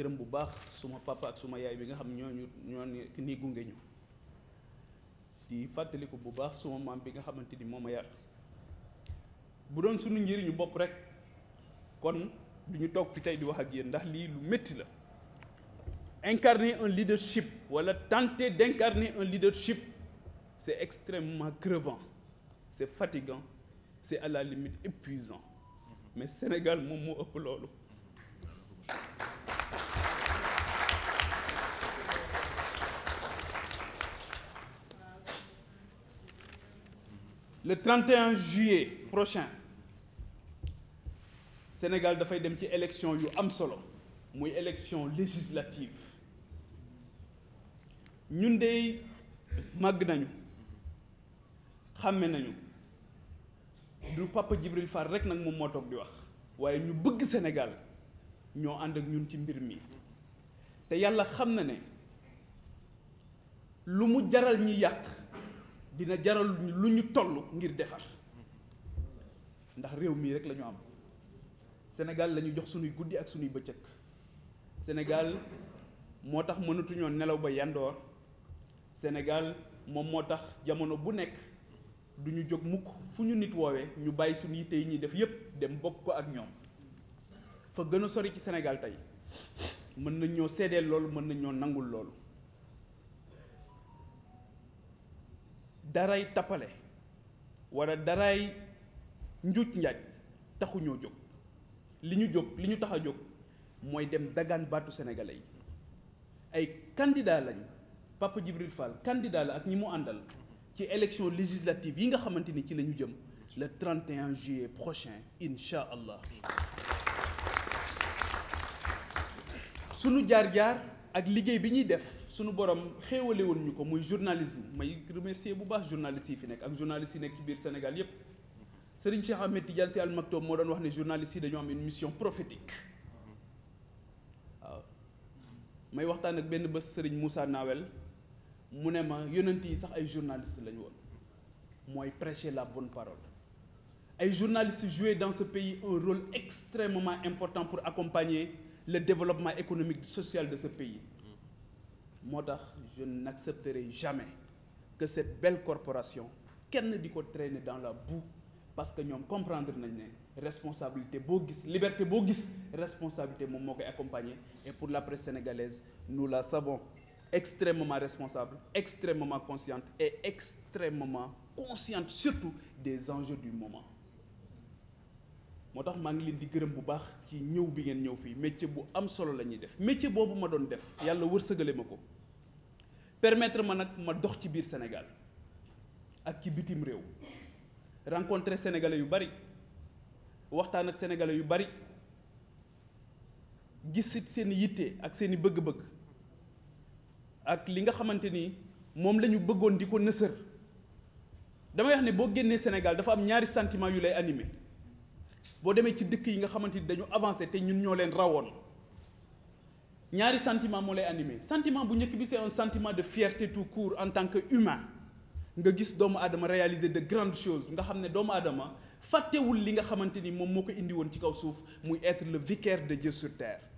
gërëm bu baax suma papa ak suma yaay bi nga xam ñooñu ñoo nii gunge ñu di fàttaliku bu baax suma maam bi nga xamante ni moom bu doon suñu njëriñu bopp rek kon du ñu toog tey di ak yéen ndax lii lu métti la incarner un leadership wala tenter d'incarner un leadership c'est extrêmement crevant c'est fatigant c'est à la limite épuisant mais Sénégal moom moo ëpp loolu le 31 juillet prochain Sénégal dafay dem ci élection yu am solo muy élection législative ñun dey màgg nañu xàmme nañu du Papa Djibril Fall rek nag moom moo toog di wax waaye ñu bëgg Sénégal ñoo ànd ak ñun ci mbir mi te yàlla xam na ne lu mu jaral ñi yàq dina jaral lu ñu toll ngir defar ndax réew mii rek la am senegal la jox suñuy guddi ak suñuy bëccëg Sénégal moo tax mënatuñoo nelaw ba yandoor senegal moom moo tax jamono bu nekk du ñu jóg mukk fu ñu nit woowee ñu bàyyi suñu tey yi ñuy def yépp dem bokk ko ak ñoom fa gën a sori ci Sénégal tey mën nañ ñoo seedeel loolu mën nañoo ñoo nangul loolu daray tappale wala daray njuuj njaaj taxuñoo jóg li ñu jóg li ñu tax a jóg mooy dem dagaan baatu sénégalais yi ay candidat lañ Papa Djibril Fall candidat la ak ñi mu àndal ci élection législative yi nga xamante ni ci la ñu jëm le 31 juillet prochain incha allah sunu jaar-jaar ak liggéey bi ñuy def suñu borom xéewale woon ñu ko muy journalisme may remercier bu baax journalistes yi fi nekk ak journalistes yi nekk biir Sénégal yépp Serigne Cheikh Ahmed Tidiane si Al Maktoum moo doon wax ne journalistes yi dañoo am une mission prophétique may waxtaan ak benn bés Serigne Moussa Nawel mu ne ma yonent yi sax ay journalistes lañu woon mooy prêcher la bonne parole ay journalistes jouent dans ce pays un rôle extrêmement important pour accompagner le développement économique social de ce pays moo tax je n'accepterai jamais que cette belle corporation kenn di ko trainer dans la boue parce que ñoom comprendre nañ ne responsabilité boo gis liberté boo gis responsabilité moom moo koy accompagner et pour la presse sénégalaise nous la savons extrêmement responsable extrêmement consciente et extrêmement consciente surtout des enjeux du moment moo tax maa ngi leen di gërëm bu baax ci ñëw bi ngeen ñëw fii métier bu am solo la ñuy def métier boobu ma doon def yàlla wërsëgale ma ko permettre ma nag ma dox ci biir senegal ak ci bitim réew rencontrer sénégalais yu bari waxtaan ak sénégalais yu bari gis seen yitte ak seen i bëgg-bëgg ak li nga xamante ni moom la ñu bëggoon di ko nësër damay wax ne boo génnee senegal dafa am ñaari sentiment yu lay animé. boo demee ci dëkk yi nga xamante ni dañu avancé te ñun ñoo leen rawoon ñaari sentiment moo lay animé sentiment bu njëkk bi c'est un sentiment de fierté tout court en tant que humain nga gis doomu adama réaliser de grandes choses nga xam ne doomu aadama fàttewul li nga xamante ni moom moo ko indi woon ci kaw suuf muy être le vicaire de Dieu sur terre